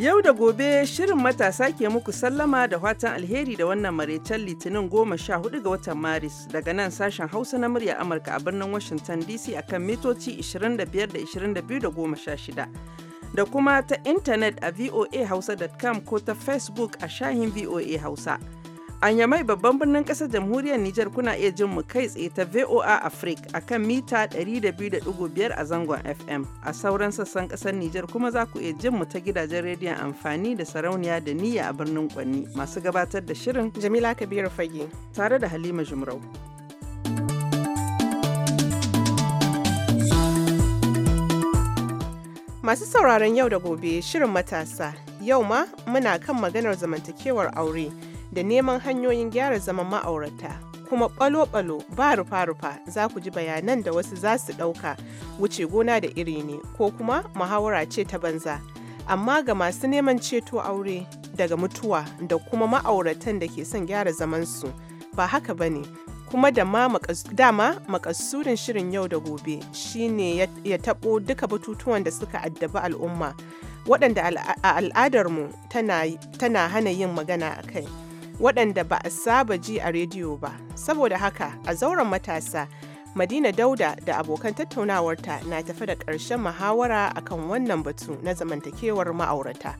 Yau da gobe shirin matasa ke muku sallama da fatan alheri da wannan maraicen litinin goma sha hudu ga watan Maris daga nan sashen Hausa na murya Amurka a birnin Washington DC akan mitoci 25 da 22 da goma sha shida. Da kuma ta intanet a voahausa.com ko ta Facebook a shahin VOA Hausa. An yamai babban birnin ƙasar jamhuriyar Nijar kuna iya jin mu kai tsaye ta VOA Africa a kan mita 102.5 a zangon FM. A sauran sassan ƙasar Nijar kuma za ku iya jin mu ta gidajen rediyon amfani da sarauniya da niyya a birnin Kwanni. Masu gabatar da shirin Jamila Kabiru Fage tare da Halima Jumrau. Masu sauraron yau da gobe shirin matasa, yau ma muna kan maganar zamantakewar aure. da neman hanyoyin gyara zaman ma'aurata. Kuma ɓalo-ɓalo ba rufa-rufa za ku ji bayanan da wasu za su ɗauka wuce gona da iri ne ko kuma muhawara ce ta banza. Amma ga masu neman ceto aure daga mutuwa da kuma ma'auratan da ke son gyara zamansu ba haka ba ne kuma dama makasurin shirin yau da gobe shi ne ya taɓo duka batutuwan da suka addabi al'umma waɗanda a al'adarmu tana hana yin magana a kai. waɗanda ba a saba ji a rediyo ba. Saboda haka a zauren matasa Madina Dauda da abokan tattaunawarta na tafi da ƙarshen muhawara akan wannan batu na zamantakewar ma'aurata.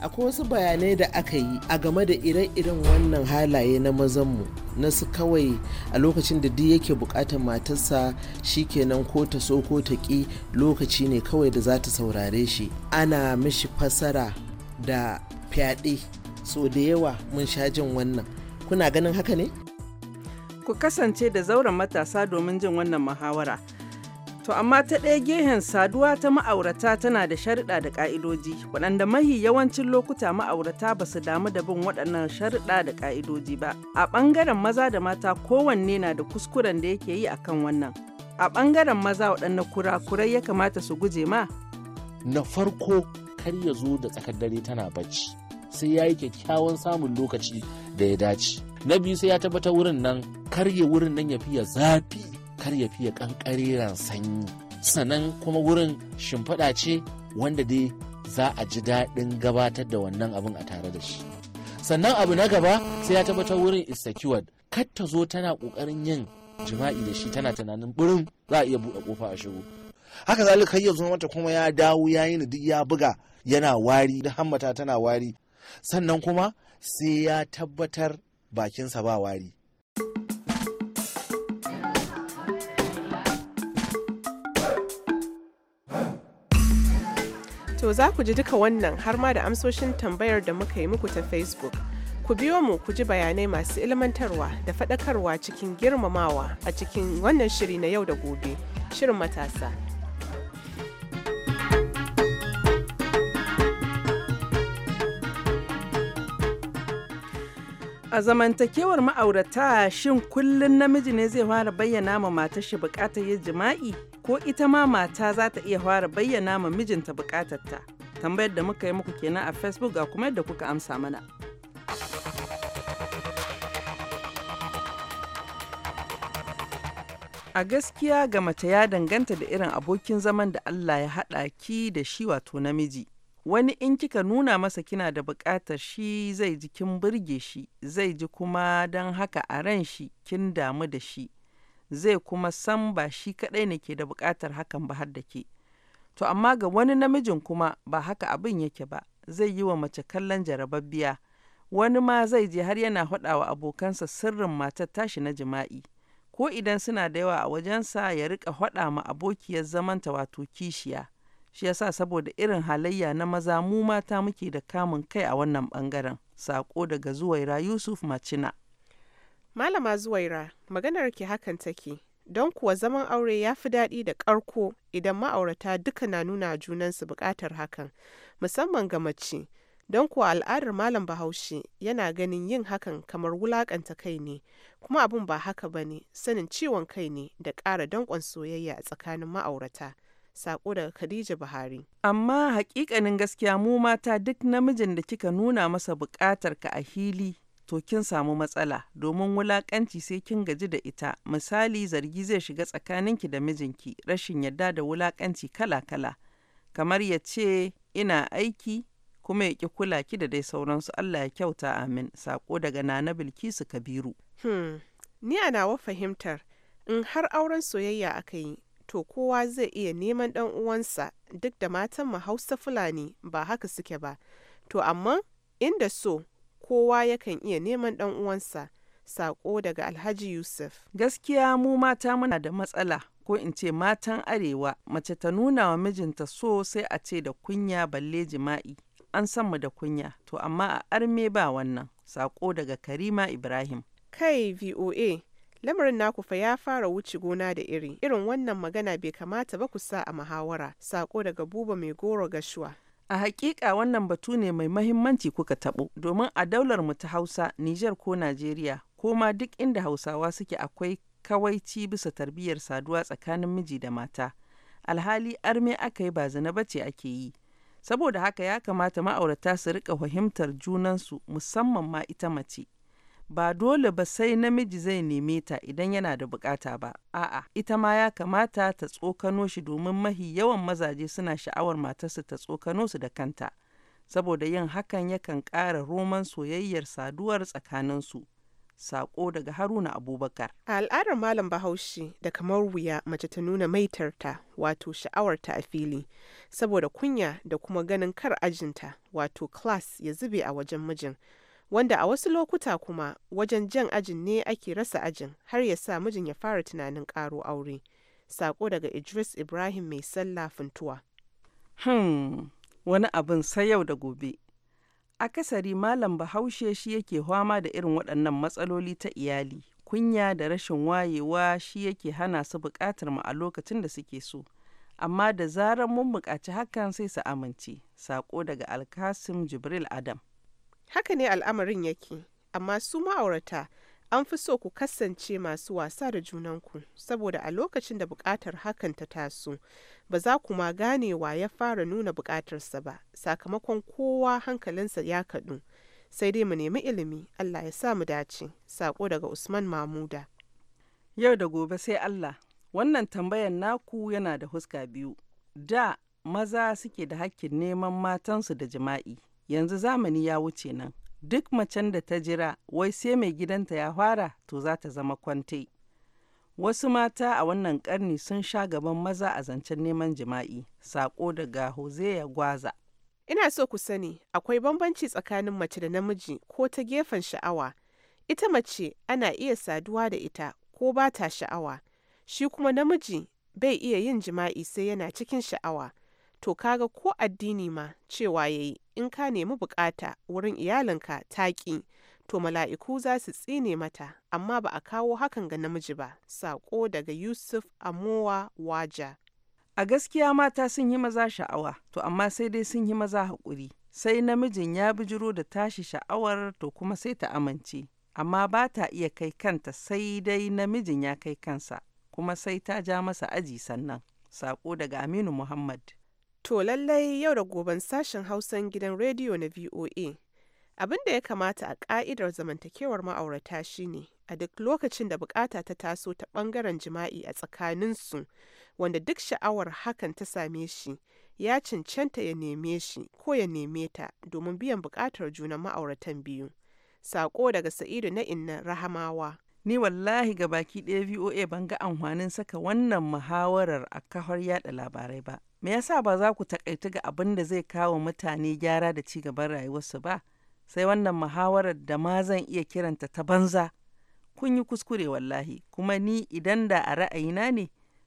Akwai wasu bayanai da aka yi a game da ire-iren wannan halaye na mazanmu na su kawai a lokacin da duk yake bukatar matarsa shi kenan ko ta so ko ta ƙi lokaci ne kawai da za ta saurare shi ana mishi fasara da fyaɗe so da yawa mun sha jin wannan kuna ganin haka ne ku kasance da zauren matasa domin jin wannan muhawara to amma ta ɗaya gehen saduwa ta ma'aurata tana da sharuɗa da ƙa'idoji waɗanda mahi yawancin lokuta ma'aurata ba su damu da bin waɗannan sharuɗa da ƙa'idoji ba a ɓangaren maza da mata kowanne na da kuskuren da yake yi akan wannan a ɓangaren maza waɗanne kurakurai ya kamata su guje ma na farko kar ya zo da tsakar dare tana bacci sai ya yi kyakkyawan samun lokaci da ya dace na biyu sai ya tabbatar wurin nan karye wurin nan ya fiye zafi kar ya fiye kankariran sanyi sannan kuma wurin shimfiɗa ce wanda dai za a ji daɗin gabatar da wannan abin a tare da shi sannan abu na gaba sai ya tabbatar wurin is secured kar ta zo tana ƙoƙarin yin jima'i da shi tana tunanin burin za a iya buɗe ƙofa a shigo haka zalika ya zo mata kuma ya dawo ya yi duk ya buga yana wari da hammata tana wari sannan kuma sai ya tabbatar bakinsa ba wari To za ku ji duka wannan har ma da amsoshin tambayar da muka yi muku ta Facebook. Ku biyo mu ku ji bayanai masu ilmantarwa da faɗakarwa cikin girmamawa a cikin wannan shiri na yau da gobe, shirin matasa. A zamantakewar ma'aurata shin kullum namiji ne zai fara bayyana ma matar shi bukatar yin jima'i ko ita ma mata za ta iya fara bayyana ma mijinta bukatar ta? Tambayar da muka yi muku kenan a Facebook ga kuma yadda kuka amsa mana. A gaskiya ga mace ya danganta da irin abokin zaman da Allah ya haɗa ki da shi wato namiji. wani in kika nuna masa kina da bukatar shi zai ji kin burge shi zai ji kuma don haka a ran shi kin damu da shi zai kuma san ba shi kaɗai ne ke da bukatar hakan ba har da ke to amma ga wani namijin kuma ba haka abin yake ba zai yi wa mace kallon jarababbiya wani ma zai je har yana haɗa wa abokansa sirrin matar tashi na jima'i ko idan suna da yawa a wajensa ya riƙa haɗa ma abokiyar zamanta wato kishiya shi yasa saboda irin halayya na maza mu mata muke da kamun kai a wannan bangaren sako daga zuwaira yusuf macina malama zuwaira maganar ke hakan take don kuwa zaman aure ya fi daɗi da ƙarko idan ma'aurata duka na nuna junansu buƙatar hakan musamman ga mace don kuwa al'adar malam bahaushe yana ganin yin hakan kamar wulaƙanta kai ne kuma abin ba haka ba ne sanin ciwon kai ne da ƙara danƙon soyayya a tsakanin ma'aurata sako daga Khadija Buhari. Amma hakikanin gaskiya mu mata duk namijin da kika nuna masa buƙatar ka a hili to kin samu matsala domin wulakanci sai kin gaji da ita misali zargi zai shiga tsakaninki da mijinki rashin yadda da wulakanci kala-kala kamar ya ce ina aiki kuma ya ki kula ki da dai sauransu Allah ya kyauta amin sako daga Nana Bilkisu Kabiru. Hmm. Ni anawa wa fahimtar in har auren soyayya aka yi to kowa zai iya neman ɗan uwansa duk da matan mu Hausa Fulani ba haka suke ba. To amma inda so kowa yakan iya neman ɗan uwansa. Sako daga Alhaji Yusuf. Gaskiya mu mata muna da matsala ko in ce matan arewa mace ta nuna wa mijinta so sai a ce da kunya balle jima'i. An san mu da kunya to amma a arme ba wannan. Sako daga Karima Ibrahim. Kai VOA lamarin naku fa ya fara wuce gona da iri irin wannan magana bai kamata ba ku sa a muhawara sako daga buba mai goro gashuwa a hakika wannan batu ne mai mahimmanci kuka tabo domin a daular mu ta hausa niger ko najeriya ko ma duk inda hausawa suke akwai kawaici bisa tarbiyyar saduwa tsakanin miji da mata alhali arme aka yi ba zina bace ake yi saboda haka ya kamata ma'aurata su rika fahimtar junansu musamman ma ita mace ba dole ba sai namiji zai neme ta idan yana da bukata ba a'a ita ma ya kamata ta tsokano shi domin mahi yawan mazaje suna sha'awar matarsu ta tsokano su da kanta saboda yin hakan yakan ƙara roman soyayyar saduwar tsakaninsu sako daga haruna abubakar a al'adar malam bahaushe da kamar wuya mace ta nuna maitarta wato sha'awarta a fili saboda kunya da kuma ganin kar ajinta wato class ya zube a wajen mijin wanda a wasu lokuta kuma wajen jan ajin ne ake rasa ajin har ya sa mijin ya fara tunanin karo aure. Sako daga Idris Ibrahim mai sallah funtuwa. Hmm, wani abin sai yau da gobe. Akasari malam bahaushe shi yake hwama da irin waɗannan matsaloli ta iyali, kunya da rashin wayewa shi yake hana su buƙatar mu a lokacin da suke so. Amma da zarar mun buƙaci hakan sai su amince. Sako daga Alkasim Jibril Adam. Haka ne al'amarin yake, amma su ma'aurata an fi so ku kasance masu wasa da junanku, saboda a lokacin da buƙatar hakan ta taso, ba za ku ma ganewa ya fara nuna buƙatarsa ba, sakamakon kowa hankalinsa ya kaɗu. Sai dai mu nemi ilimi, Allah ya sa mu dace, saƙo daga Usman Mamuda. Yau da gobe sai Allah, wannan tambayan naku yana da huska biyu. Da maza suke da hakkin neman matansu da jima'i yanzu zamani ya wuce nan duk macen da ta jira wai sai mai gidanta ya fara to za ta zama kwante wasu mata a wannan karni sun sha gaban maza a zancen neman jima'i sako daga hosea gwaza ina so ku sani akwai bambanci tsakanin mace da namiji ko ta gefen sha'awa ita mace ana iya saduwa da ita ko ba ta sha'awa shi kuma namiji bai iya yin jima'i sai yana cikin sha'awa to kaga ko addini ma cewa ya yi in ka nemi bukata wurin iyalinka taƙi to mala'iku za su tsine mata amma ba a kawo hakan ga namiji ba saƙo daga yusuf amowa waja a gaskiya mata sun yi maza sha'awa to amma sai dai sun yi maza haƙuri sai namijin ya bijiro da tashi sha'awar to kuma sai ta amince amma ba ta iya kai kanta sai dai namijin ya kai kansa kuma sai ta ja masa aji sannan sako daga Aminu Muhammad. To lallai yau da goben sashen Hausan gidan rediyo na VOA. Abin da ya kamata a ƙa'idar zamantakewar ma'aurata shine a duk lokacin da bukata ta taso ta ɓangaren jima'i a tsakaninsu wanda duk sha'awar hakan ta same shi ya cancanta ya neme shi ko ya neme ta domin biyan bukatar junan ma'auratan biyu. saƙo daga Sa'idu na inna Rahamawa. Ni wallahi ga baki ɗaya VOA ban ga amfanin saka wannan muhawarar a kafar yada labarai ba. Me yasa ba za ku takaitu ga abin da zai kawo mutane gyara da ci gaban rayuwarsu ba? Sai wannan muhawarar da ma zan iya kiranta ta banza. Kun yi kuskure wallahi, kuma ni idan da a ra'ayina ne,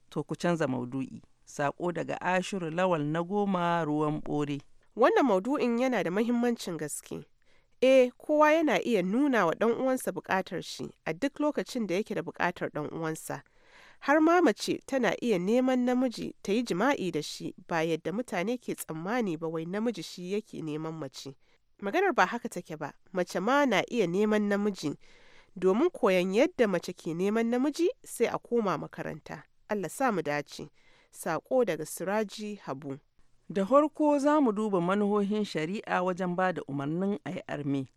to ku canza maudu'i. Sako daga Ashiru Lawal na goma ruwan bore. Wannan maudu'in yana da mahimmancin gaske. eh kowa yana iya nuna wa ɗan uwansa bukatar shi a duk lokacin da yake da bukatar ɗan uwansa har ma mace tana iya neman namiji ta yi jima'i da shi ba yadda mutane ke tsammani ba wai namiji shi yake neman mace maganar ba haka take ba mace ma na iya neman namiji domin koyon yadda mace ke neman namiji sai a koma makaranta allah sa mu dace saƙo daga siraji habu Da harko za mu duba manuhohin shari'a wajen ba da umarnin a yi arme.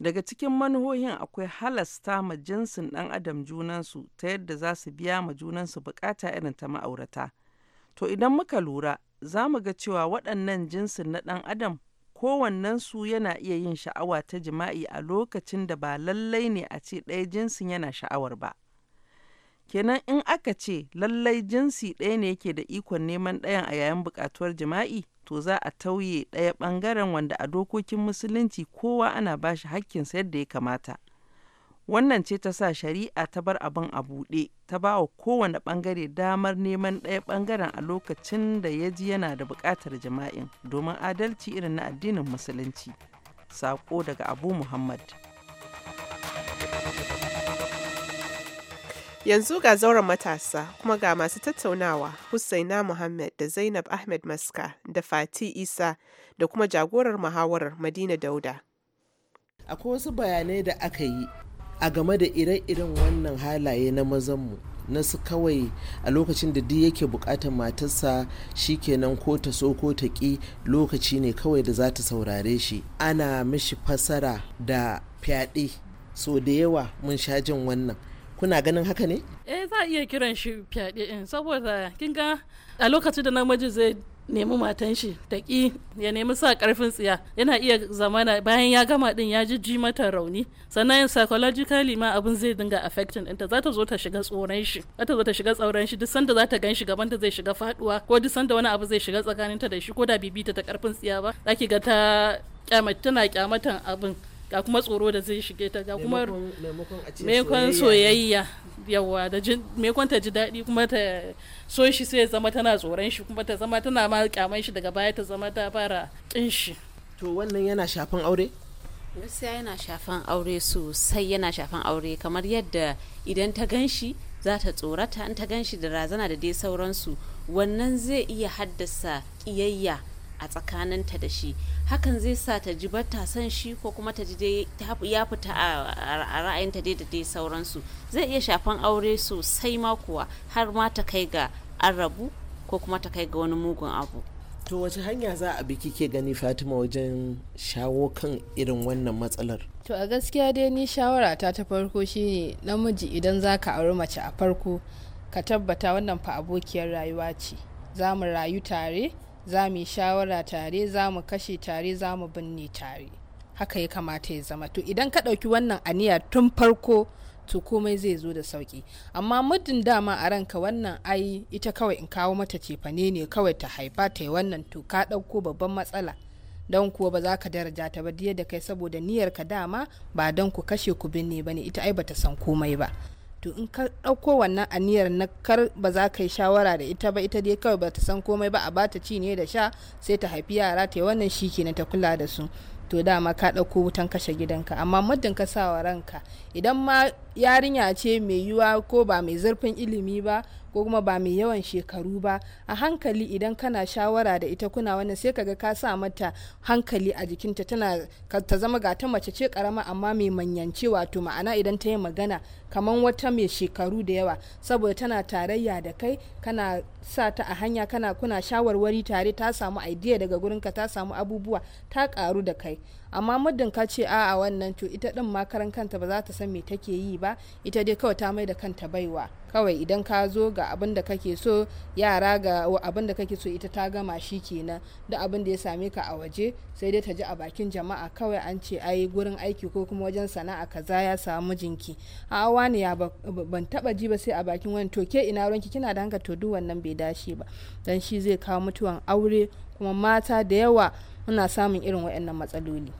Daga cikin manuhohin akwai halasta ma jinsin ɗan adam junansu ta yadda za su biya ma junansu bukata irin ta ma'aurata. To idan muka lura, za mu ga cewa waɗannan jinsin na ɗan adam kowannensu yana iya yin sha'awa ta jima'i a lokacin da ba lallai ne a ce ɗaya jinsin yana sha'awar ba. Kenan in aka ce lallai jinsi ɗaya ne yake da ikon neman ɗayan a yayin buƙatuwar jima'i, to za a tauye ɗaya ɓangaren wanda a dokokin Musulunci kowa ana ba shi haƙƙinsa yadda ya kamata. Wannan ce ta sa shari'a ta bar abin a buɗe, ta ba wa kowane ɓangare damar neman ɗaya ɓangaren a lokacin da ya ji yana da buƙatar jima'in, domin adalci irin na addinin Musulunci. Saƙo daga Abu Muhammad. Yanzu ga zauren matasa kuma ga masu tattaunawa Husaina Muhammad da Zainab Ahmed Maska da Fati Isa da kuma jagorar muhawarar Madina Dauda. Akwai wasu bayanai da aka yi a game da ire-iren wannan halaye na mazanmu na su kawai a lokacin da duk yake bukatar matarsa shi kenan ko ta so ko ta ƙi lokaci ne kawai da za ta saurare shi ana mishi fasara da fyaɗe so da yawa mun sha jin wannan kuna ganin haka ne eh za a iya kiran shi fyaɗe in saboda kin ga a lokacin da na namiji zai nemi matan shi ta ƙi ya nemi sa ƙarfin tsiya yana iya zamana bayan ya gama din ya ji mata rauni sannan psychologically ma abin zai dinga affecting ɗinta za ta zo ta shiga tsoron shi za ta zo ta shiga tsoron shi duk sanda za ta gan shi gaban ta zai shiga faduwa ko duk sanda wani abu zai shiga tsakaninta da shi ko da bibita ta ƙarfin tsiya ba za ki ga ta tana kyamatan abin ga kuma tsoro da zai shige ta ga kuma maimakon soyayya yawa da maimakon ta ji daɗi kuma ta so shi sai zama tana tsoron shi kuma ta zama tana ma kyaman shi daga baya ta zama ta fara kin shi to wannan yana shafan aure gaskiya yana shafan aure sosai yana shafan aure kamar yadda idan ta ganshi shi za ta tsorata in ta ganshi shi da razana da dai sauransu wannan zai iya haddasa ƙiyayya a tsakaninta da shi hakan zai sa ta ji bata son shi ko kuma ta ji ya fita a ra'ayinta dai da dai sauransu zai iya shafan aure sosai ma kuwa har ma ta kai ga an rabu ko kuma ta kai ga wani mugun abu to wace hanya za a bi kike gani fatima wajen shawo kan irin wannan matsalar to a gaskiya dai ni shawara ta ta farko shine namiji idan zaka ka auri mace a farko ka tabbata wannan fa abokiyar rayuwa ce za mu rayu tare za mu yi shawara tare za mu kashe tare za mu binne tare haka ya kamata ya zama to idan ka ɗauki wannan aniya tun farko to komai zai zo da sauki amma muddin dama a ranka wannan ai ita kawai in kawo mata cefane ne kawai ta haifa ta yi wannan to ka ɗauko babban matsala don kuwa ba za ka daraja ta ba da kai saboda niyyar ka dama ba don ku kashe ku binne ba ne ita ai bata san komai ba to in ka ɗauko wannan aniyar na kar ba za ka yi shawara da ita ba ita dai kawai ba ta san komai ba a ba ta ci ne da sha sai ta haifi yara ta yi wannan shi kenan ta kula da su to dama ka ɗauko wutan kashe gidanka amma muddin ka sawa ranka idan ma yarinya ce mai yiwuwa ko ba mai zurfin ilimi ba ko kuma ba mai yawan shekaru ba a hankali idan kana shawara da ita kuna wannan sai kaga ka sa mata hankali a jikinta tana ta zama ga ta mace ce karama amma mai manyance wato ma'ana idan ta yi magana kamar wata mai shekaru da yawa saboda tana tarayya da kai kana sa ta a hanya kana kuna shawarwari tare ta samu idea daga gurinka ta samu abubuwa ta karu da kai amma muddin ka ce a'a wannan to ita din ma kanta ba za ta san me take yi ba ita dai kawai ta mai da kanta baiwa kawai idan ka zo ga abin da kake so yara ga abin da kake so ita ta gama shi kenan da abin da ya same ka a waje sai dai ta ji a bakin jama'a kawai an ce ai gurin aiki ko kuma wajen sana'a kaza ya samu jinki a awa ne ban taba ji ba sai a bakin wani to ke ina ranki kina da hankali to duk wannan bai dace ba dan shi zai kawo mutuwan aure kuma mata da yawa muna samun irin waɗannan matsaloli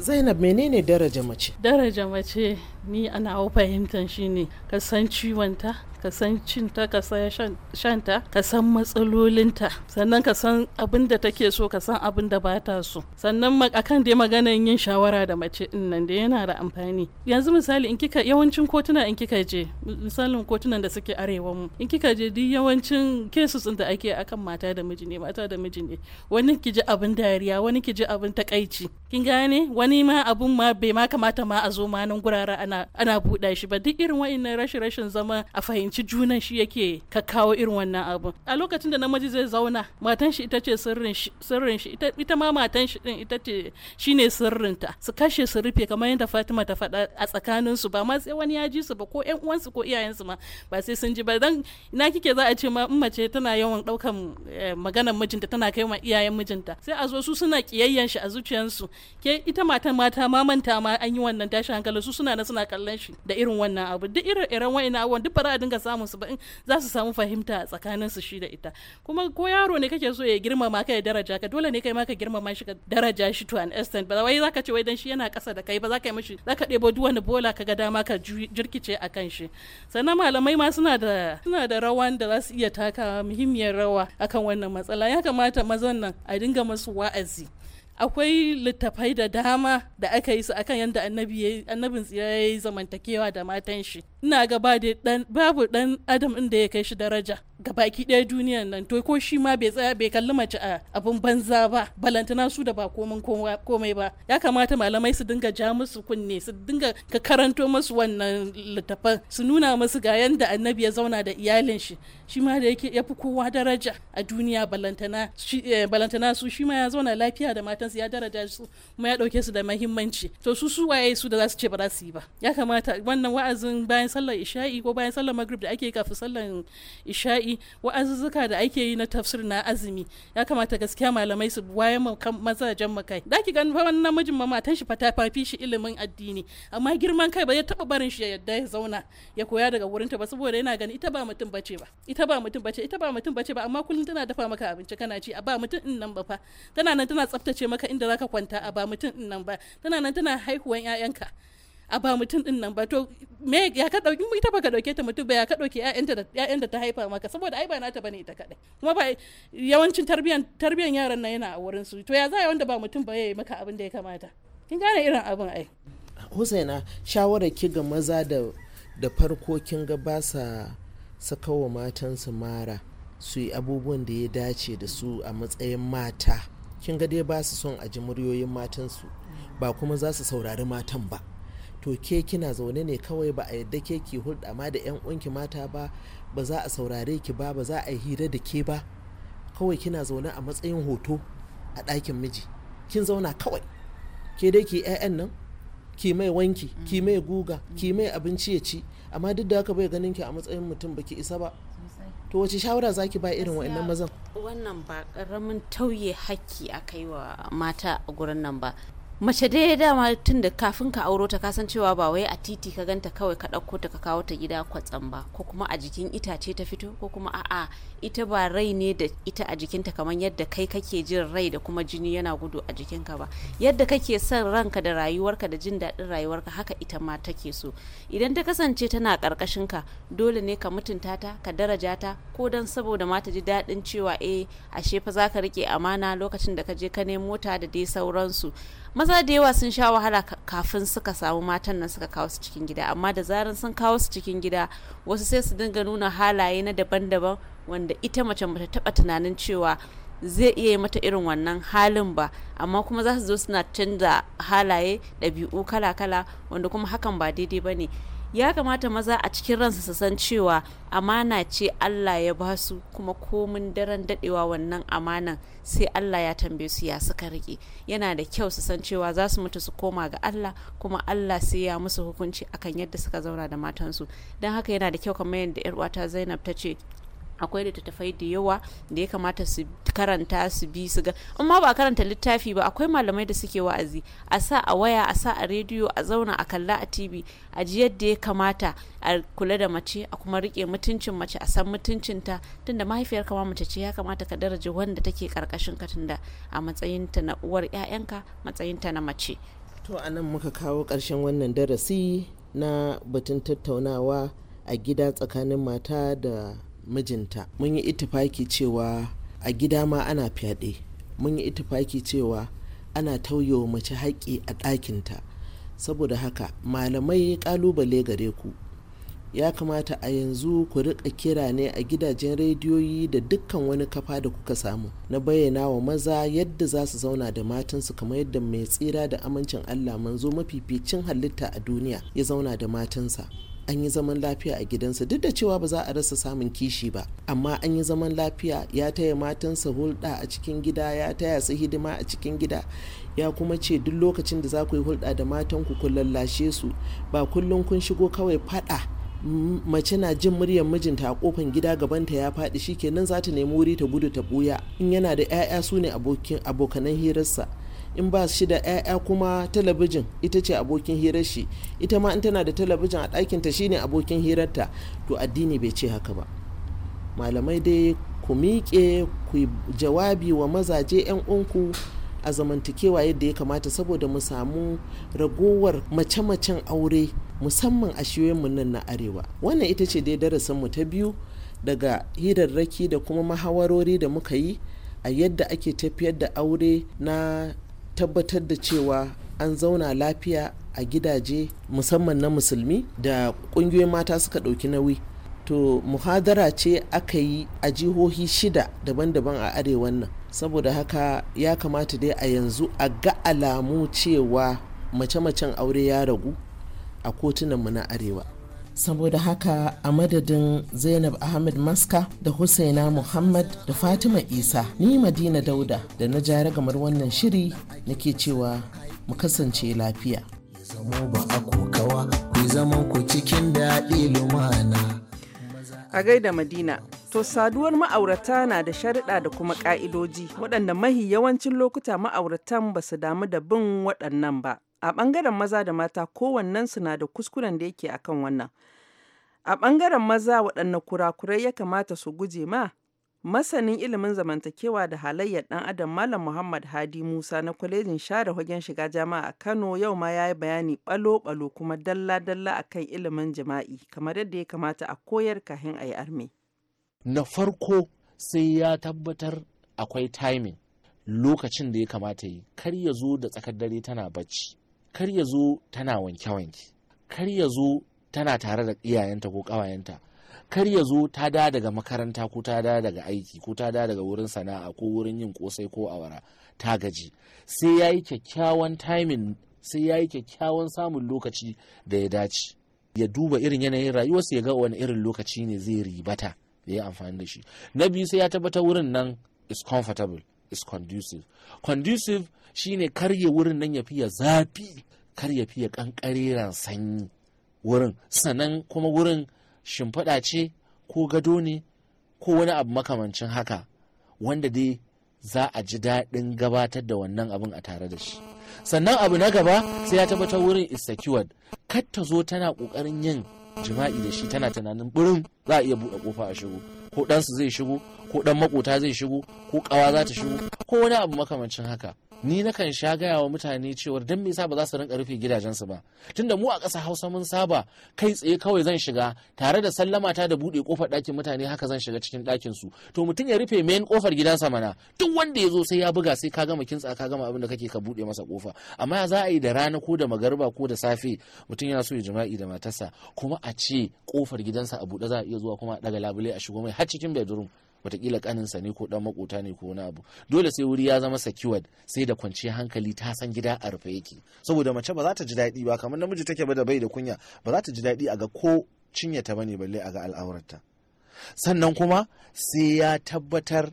Zainab menene daraja mace? Daraja mace ni ana fahimtar shine ka san ciwonta, ka san cinta, ka san shanta, ka san matsalolinta, sannan ka san abin da take so, ka san abin da ba ta so. Sannan akan dai maganan yin shawara da mace din nan da yana da amfani. Yanzu misali in kika yawancin kotuna in kika je, misalin kotunan da suke arewa mu, in kika je duk yawancin cases da ake akan mata da miji ne, mata da miji ne. Wani ki ji abin dariya, wani ki ji abin takaici. Kin gane? wani ma abun ma bai ma kamata ma a zo ma nan gurara ana ana buɗa shi ba duk irin wa'annan rashin rashin zama a fahimci juna shi yake ka kawo irin wannan abun a lokacin da namiji zai zauna matan shi ita ce sirrin shi sirrin shi ita ma matan shi din ita ce shine sirrin ta su kashe su rufe kamar yadda Fatima ta faɗa a tsakanin su ba ma sai wani ya ji su ba ko ƴan uwansu ko iyayensu ma ba sai sun ji ba dan ina kike za a ce ma in mace tana yawan ɗaukan eh, maganar mijinta tana kai ma iyayen mijinta sai a zo su suna kiyayyan shi a zuciyarsu ke ita ma matan mata ma manta ma an yi wannan tashin hankali su suna na suna kallon shi da irin wannan abu duk irin irin wa'ina abubuwan duk ba za a dinga samun su ba in za su samu fahimta tsakanin su shi da ita kuma ko yaro ne kake so ya girmama ka ya daraja ka dole ne kai ma ka girmama shi ka daraja shi to an extent ba wai zaka ce wai dan shi yana kasa da kai ba zaka yi mishi zaka ɗebo duk wani bola ka ga dama ka jirkice a kan shi sannan malamai ma suna da suna da rawan da za su iya taka muhimmiyar rawa akan wannan matsala ya kamata mazan nan a dinga masu wa'azi akwai littafai da dama da aka yi su akan yadda annabin tsira ya yi zamantakewa da matan shi ina ga babu dan adam inda ya kai shi daraja ga baki ɗaya duniyan nan to ko shi ma bai tsaya bai kalli mace a abin banza ba balantana su da ba komin komai ba ya kamata malamai su dinga ja musu kunne su dinga ka karanto musu wannan littafan su nuna musu ga yanda annabi ya zauna da iyalin shi shi ma da yake ya fi kowa daraja a duniya balantana eh, balantana su shi ma ya zauna lafiya da matansu ya daraja su kuma ya ɗauke su da mahimmanci to su su waye su da za su ce ba za su yi ba ya kamata wannan wa'azin bayan sallar isha'i ko bayan sallar maghrib da ake kafin sallar isha'i addu'o'i wa'azuzzuka da ake yi na tafsir na azumi ya kamata gaskiya malamai su waye mazajen makai da ki gan wannan namijin ma matan shi fata fafi shi ilimin addini amma girman kai ba ya taba barin shi ya yadda ya zauna ya koya daga wurin ta ba saboda yana gani ita ba mutum bace ba ita ba mutum bace ita ba mutum bace ba amma kullun tana dafa maka abinci kana ci a ba mutum din nan ba fa tana nan tana tsaftace maka inda zaka kwanta a ba mutum din nan ba tana nan tana haihuwan 'ya'yanka a ba mutum din nan ba to me ya ka dauki ita baka dauke ta mutum ba ya ka dauki ƴaƴanta da ƴaƴan da ta haifa maka saboda ai ba nata bane ita kadai kuma ba yawancin tarbiyan tarbiyan yaran nan yana a wurin su to ya za wanda ba mutum ba yayi maka abin da ya kamata kin gane irin abin ai Husaina shawarar ki ga maza da da farko kin ga ba sa sakawa matansu mara su yi abubuwan da ya dace da su a matsayin mata kin ga dai ba su son a ji muryoyin matansu ba kuma za su saurari matan ba to ke kina zaune ne kawai ba a yadda ke ki hulɗa ma da 'yan unki mata ba ba za a saurare ki ba ba za a yi hira da ke ba kawai kina zaune a matsayin hoto a ɗakin miji kin zauna kawai ke dai ki 'ya'yan nan ki mai wanki ki mm. mai guga mm. ki mai abinci ya ci amma duk da haka bai ganin ki a matsayin mutum baki isa ba to wace shawara zaki ba irin wa'annan mazan wannan ba karamin tauye hakki a wa mata a gurin nan ba mace dai dama tun da kafin ka auro ta kasan cewa ba wai a titi ka ganta kawai ka ɗauko ta ka kawo ta gida kwatsam ba ko kuma a jikin itace ta fito ko kuma a'a ita ba rai ne da ita a jikinta kamar yadda kai kake jin rai da kuma jini yana gudu a jikinka ba yadda kake son ranka da rayuwarka da jin daɗin rayuwarka haka ita ma take so idan ta kasance tana ƙarƙashin ka dole ne ka mutunta ta ka daraja ta ko dan saboda ma ta ji daɗin cewa eh ashe fa zaka riƙe amana lokacin da ka je ka nemo ta da dai sauransu maza da yawa sun sha wahala kafin suka samu matan nan suka kawo su cikin gida amma da zaran sun kawo su cikin gida wasu sai su dinga nuna halaye na daban-daban wanda ita mace mata taba tunanin cewa zai iya yi mata irin wannan halin ba amma kuma za su zo suna canza halaye ɗabi'u kala-kala wanda kuma hakan ba daidai ba ne ya kamata maza a cikin ransa su san cewa amana ce Allah ya ba su kuma komin daren dadewa wannan amanan sai Allah ya tambaye su ya suka rike yana da kyau su san cewa za su mutu su koma ga Allah kuma Allah sai ya musu hukunci akan yadda suka zauna da matansu don haka yana da kyau kamar yadda 'yar uwata Zainab ta ce akwai littattafai da yawa da ya kamata su karanta su bi su ga amma ba karanta littafi ba akwai malamai da suke wa'azi a sa a waya a sa a rediyo a zauna a kalla a tv a ji yadda ya kamata a kula da mace a kuma rike mutuncin mace a san mutuncinta tunda mahaifiyar kama mace ce ya kamata ka daraja wanda take karkashin ka tunda a matsayinta na uwar 'ya'yanka matsayinta na mace to anan muka kawo ƙarshen wannan darasi na batun tattaunawa a gida tsakanin mata da mijinta mun yi itifaki cewa a gida ma ana fyaɗe mun yi itifaki cewa ana tauyewa mace haƙƙi a ɗakinta saboda haka malamai ƙalubale gare ku ya kamata a yanzu ku riƙa kira ne a gidajen rediyoyi da dukkan wani kafa da kuka samu na bayyana wa maza yadda za su zauna da matansu kamar yadda mai tsira da amincin allah manzo mafificin halitta a duniya ya zauna da matansa an yi zaman lafiya a gidansa duk da cewa ba za a rasa samun kishi ba amma an yi zaman lafiya ya taya matansa hulɗa a cikin gida ya taya su hidima a cikin gida ya kuma ce duk lokacin da za ku yi hulɗa da matanku ku lallashe su ba kullum kun shigo kawai faɗa mace na jin muryar mijinta a kofan gida gabanta ya faɗi shikenan za ta nemi wuri ta gudu ta buya in yana da 'ya'ya su ne abokanan hirarsa in ba shi da 'ya'ya kuma talabijin ita ce abokin hirar shi ita ma in tana da talabijin a ɗakinta shine abokin hirarta to addini bai ce haka ba malamai dai ku miƙe ku jawabi wa mazaje 'yan unku a zamantakewa yadda ya kamata saboda mu samu ragowar mace-macen aure musamman a shiyoyinmu nan na arewa wannan ita ce dai darasin mu ta biyu daga hirarraki da kuma mahawarori da muka yi a yadda ake tafiyar da aure na tabbatar da cewa an zauna lafiya a gidaje musamman na musulmi da ƙungiyoyin mata suka ɗauki nauyi to muhadara ce aka yi a jihohi shida daban-daban a arewan nan saboda haka ya kamata dai a yanzu a ga alamu cewa mace-macen aure ya ragu a kotunan mu na arewa saboda haka a madadin zainab ahmed maska da husaina muhammad da fatima isa ni madina dauda da na jara gamar wannan shiri nake cewa mu kasance lafiya a gaida madina to saduwar ma'aurata na da sharida da kuma ƙa'idoji waɗanda mahi yawancin lokuta ma'auratan ba su damu da bin waɗannan ba A ɓangaren maza da mata kowannensu na da kuskuren da yake akan wannan. A ɓangaren maza waɗanne kurakurai ya kamata su guje ma? Masanin ilimin zamantakewa da halayyar ɗan adam Malam Muhammad Hadi Musa na kwalejin share hagen shiga jama'a a Kano yau ma ya yi bayani ɓalo-ɓalo kuma dalla-dalla akan ilimin jima'i kamar yadda ya kamata a koyar kahin a yi arme. Na farko sai ya tabbatar akwai timing lokacin da ya kamata yi kar ya zo da tsakar dare tana bacci kar ya zo tana wanke-wanke kar ya zo tana tare da iyayenta ko ƙawayenta kar ya zo ta da daga makaranta ko ta da daga aiki ko ta da daga wurin sana'a ko wurin yin kosai ko awara ta gaji sai ya yi kyakkyawan timing sai ya yi kyakkyawan samun lokaci da ya dace ya duba irin yanayin rayuwarsa ya ga wani irin lokaci ne zai ribata da ya amfani da shi na biyu sai ya tabbatar wurin nan is comfortable is conducive conducive shine karye wurin nan ya fiye zafi kar ya fiye kankareren sanyi wurin sannan kuma wurin shimfiɗa ce ko gado ne ko wani abu makamancin haka wanda dai za a ji daɗin gabatar da wannan abin a tare da shi sannan abu na gaba sai ya tabbatar wurin is secured kar ta zo tana ƙoƙarin yin jima'i da shi tana tunanin burin za a iya buɗe ƙofa a shigo ko ɗansu zai shigo ko ɗan makota zai shigo ko ƙawa za ta shigo ko wani abu makamancin haka ni nakan sha gaya wa mutane cewar don me sa ba za su rinka rufe gidajensu ba tunda mu a ƙasa hausa mun saba kai tsaye kawai zan shiga tare da sallama ta da buɗe kofar ɗakin mutane haka zan shiga cikin ɗakin su to mutum ya rufe main kofar gidansa mana duk wanda ya zo sai ya buga sai ka gama kintsa ka gama abin da kake ka buɗe masa kofa amma za a yi da rana ko da magarba ko da safe mutum yana so ya jima'i da matarsa kuma a ce kofar gidansa a buɗe za a iya zuwa kuma a ɗaga labule a shigo mai har cikin bedroom watakila kaninsa ne ko dan makota ne ko wani abu dole sai wuri ya zama secured sai da kwanciyar hankali ta san gida a rufe yake saboda mace ba za ta ji daɗi ba kamar namiji take ba da bai da kunya ba za ta ji daɗi a ga ko cinye ta bane balle a ga al'aurarta sannan kuma sai ya tabbatar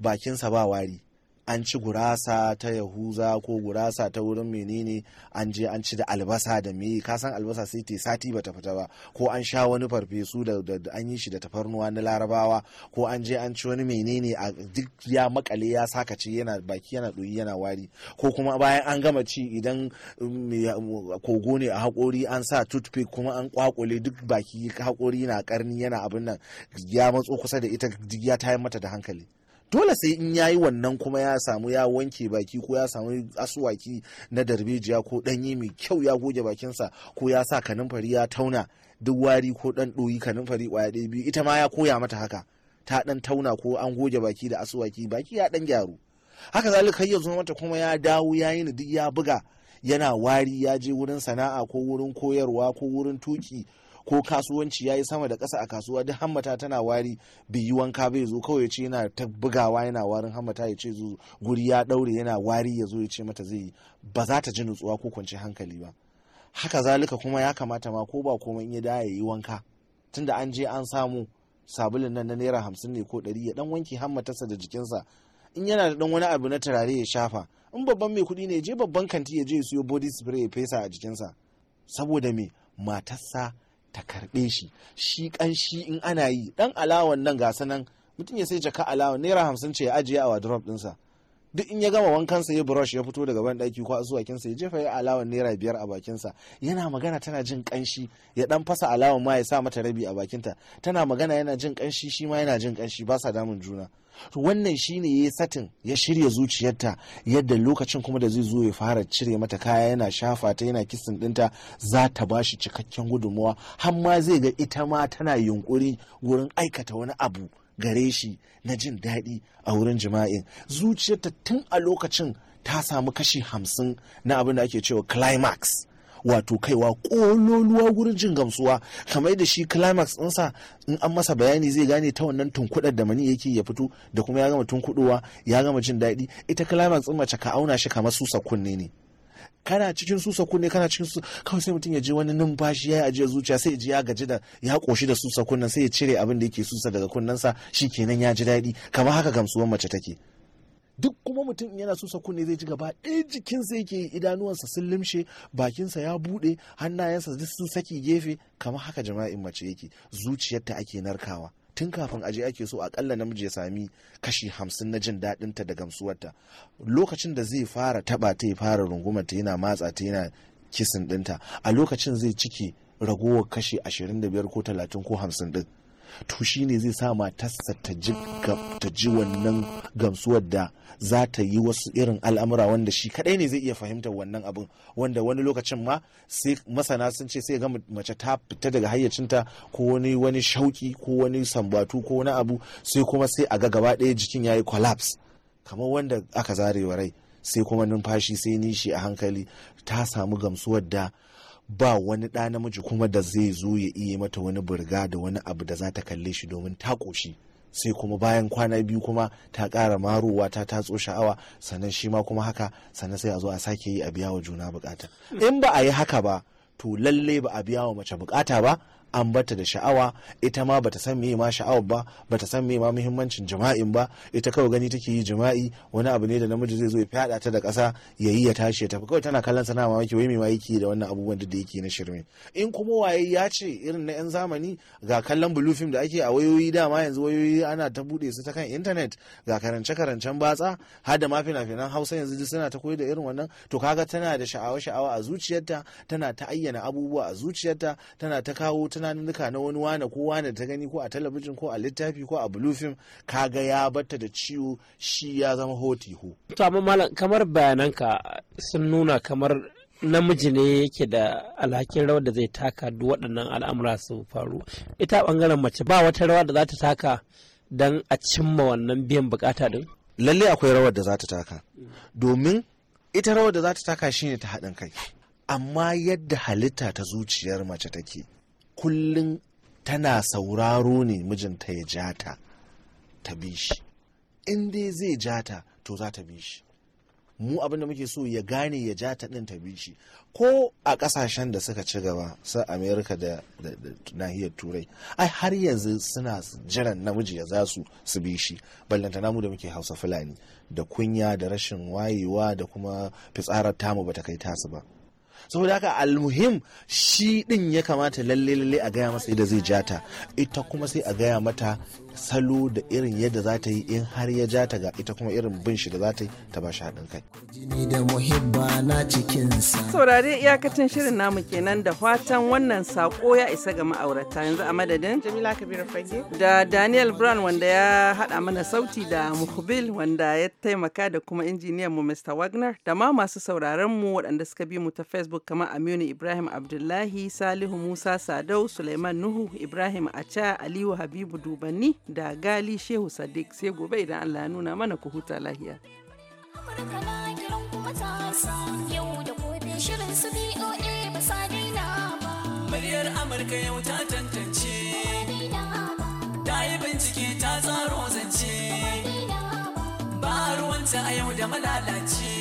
bakinsa ba wari an ci gurasa ta yahuza ko gurasa ta wurin menene an je an ci da albasa da me ka san albasa sai te sati bata fita ba ko an sha wani farfesu da an yi shi da tafarnuwa na larabawa ko an je an ci wani menene a duk ya makale ya saka ci yana baki yana ɗoyi yana wari ko kuma bayan an gama ci idan um, um, kogo ne a haƙori an sa toothpick kuma an kwakule duk baki haƙori na karni yana abin nan ya matso kusa da ita ya tayar mata da hankali dole sai in yayi wannan kuma ya samu ya wanke baki ko ya samu asuwaki na darbejiya ko ɗanyi mai kyau ya goge bakinsa ko ya sa kanumfari ya tauna duk wari ko ɗan ɗoyi kanumfari ƙwaya ɗaya biyu ita ma ya koya mata haka ta ɗan tauna ko an goge baki da asuwaki baki ya ɗan gyaru haka zalika ya zo mata kuma ya dawo ya yi duk ya buga yana wari ya je wurin sana'a ko wurin koyarwa ko wurin tuki ko kasuwanci ya yi sama da ƙasa a kasuwa duk hammata tana wari bai yi wanka bai zo kawai ya ce yana ta bugawa yana warin hammata ya ce zo guri ya ɗaure yana wari ya zo ya ce mata zai yi ba za ta ji nutsuwa ko kwanci hankali ba haka zalika kuma ya kamata ma ko ba in ya da ya yi wanka tunda an je an samu sabulin nan na naira hamsin ne ko ɗari ya dan wanke hammatarsa da jikinsa in yana da dan wani abu na turare ya shafa in babban mai kuɗi ne je babban kanti ya je siyo body spray ya fesa a jikinsa saboda me matarsa ta karɓe shi shi ƙanshi in ana yi ɗan alawan nan gasa nan mutum ya sai jaka alawan naira hamsin ce ya ajiye a wardrobe ɗinsa duk in ya gama wankan sa ya brush ya fito daga ban daki ko kinsa ya jefa ya alawan naira biyar a bakin sa, yana magana tana jin kanshi ya dan fasa alawan ma ya sa mata rabi a bakinta tana magana yana jin kanshi shi ma yana jin kanshi ba sa damun juna to wannan shine yayi satin ya shirya zuciyarta yadda lokacin kuma da zai zo ya fara cire mata kaya yana shafa ta yana kisin dinta za ta bashi cikakken gudunmawa har ma zai ga ita ma tana yunkuri wurin aikata wani abu gare shi na jin daɗi a wurin jima'in zuciyarta tun a lokacin ta samu kashi hamsin na abin da ake cewa climax wato kaiwa kololuwa wurin jin gamsuwa kamar da shi climax ɗinsa in an masa bayani zai gane ta wannan tunkuɗar da mani yake ya fito da kuma ya gama tunkuɗowa ya gama jin daɗi ita climax ɗin mace ka auna shi kamar susa kunne ne kana cikin susa kunne kana cikin su kawai sai mutum ya je wani numfashi ya ajiye zuciya sai ya ji ya gaji da ya koshi da susa kunnen sai ya cire abin da yake susa daga kunnensa kenan ya ji daɗi kamar haka gamsuwar mace take duk kuma mutum in yana susa kunne zai ji gaba ɗaya jikinsa yake idanuwansa sun limshe bakinsa ya buɗe hannayensa duk sun saki gefe kamar haka jama'in mace yake zuciyarta ake narkawa tun kafin aje ake so a akalla namiji ya sami kashi hamsin na jin daɗin ta da gamsuwarta lokacin da zai fara taba ta ya fara rungumar ta yana matsa ta yana kisin ɗinta a lokacin zai ciki ragowar kashi ashirin da biyar ko talatin ko hamsin ɗin to ne zai sa matarsa ta ji wannan gamsuwar da za ta yi wasu irin al'amura wanda shi kadai ne zai iya fahimtar wannan abin wanda wani lokacin ma sai masana sun ce sai ga mace ta fita daga hayyacinta ko wani wani shauki ko wani sambatu ko wani abu sai kuma sai a ga gaba ɗaya jikin yayi collapse kamar wanda aka zarewa rai sai kuma numfashi sai nishi a hankali ta samu gamsuwar da ba wani ɗa namiji kuma da zai zo ya iya mata wani burga da wani abu da za ta kalle shi domin ta ƙoshi sai kuma bayan kwana biyu kuma ta ƙara marowa ta tatso sha'awa sannan shi ma kuma haka sannan sai a zo a sake yi a biya wa juna bukata in ba a yi haka ba to lallai ba a biya wa mace bukata ba an bata da sha'awa ita ma bata san me ma sha'awar ba bata san me ma muhimmancin jima'in ba ita kawai gani take yi jima'i wani abu ne da namiji zai zo ya fada ta da kasa ya yi ya tashi ya tafi kawai tana kallon sana mamaki wai me ma yake da wannan abubuwan da yake na shirme in kuma waye ya ce irin na yan zamani ga kallon blue film da ake a wayoyi dama yanzu wayoyi ana ta bude su ta kan internet ga karance karancen batsa har da ma fina-finan Hausa yanzu duk suna ta koyar da irin wannan to kaga tana da sha'awa sha'awa a zuciyarta tana ta ayyana abubuwa a zuciyarta tana ta kawo duka na wani wane ko wane ta gani ko a talabijin ko a littafi ko a bulufin kaga ya batta da ciwo shi ya zama hotiho. to amma malam kamar bayananka sun nuna kamar namiji ne yake da alhakin rawar da zai taka duk waɗannan al'amura su faru ita bangaren mace ba wata rawa da za ta taka don a cimma wannan biyan bukata din lalle akwai rawar da za ta taka domin ita rawar da za ta taka shine ta haɗin kai amma yadda halitta ta zuciyar mace take kullum tana sauraro ne mijinta ya ja ta ta bi shi in dai zai ja ta to za ta bi shi mu abinda muke so ya gane ya ja ta ɗin ta bi shi ko a ƙasashen da suka ci gaba su amerika da nahiyar turai ai har yanzu suna jiran namiji ya za su su bi shi ballanta namu da muke hausa fulani da kunya da rashin wayewa da kuma fitsarar tamu bata kai tasu ba saboda haka almuhim shi din ya kamata lalle lalle a gaya masa yadda zai jata ita kuma sai a gaya mata salo da irin yadda za ta yi in har ya ja ta ga ita kuma irin bin shi da za ta yi ta ba shi haɗin kai. saurari iyakacin shirin namu kenan da fatan wannan sako ya isa ga ma'aurata yanzu a madadin Jamila da Daniel Brown wanda ya haɗa mana sauti da Muhubil wanda ya taimaka da kuma injiniyan mu Mr. Wagner da ma masu sauraron mu waɗanda suka bi mu ta Facebook kamar Aminu Ibrahim Abdullahi, Salihu Musa Sadau, Suleiman Nuhu, Ibrahim Acha, Aliyu Habibu Dubanni da gali shehu sadiq sai gobe idan allah nuna mana ku huta lahiya Amurka na kiran yau da gobe shirin su BOA ba sa daina ba. Muryar Amurka yau ta tantance. Ta yi bincike ta tsaro zance. Ba ruwanta a yau da malalace.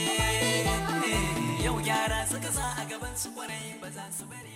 Yau gyara suka sa a gaban su kwarai ba za su bari.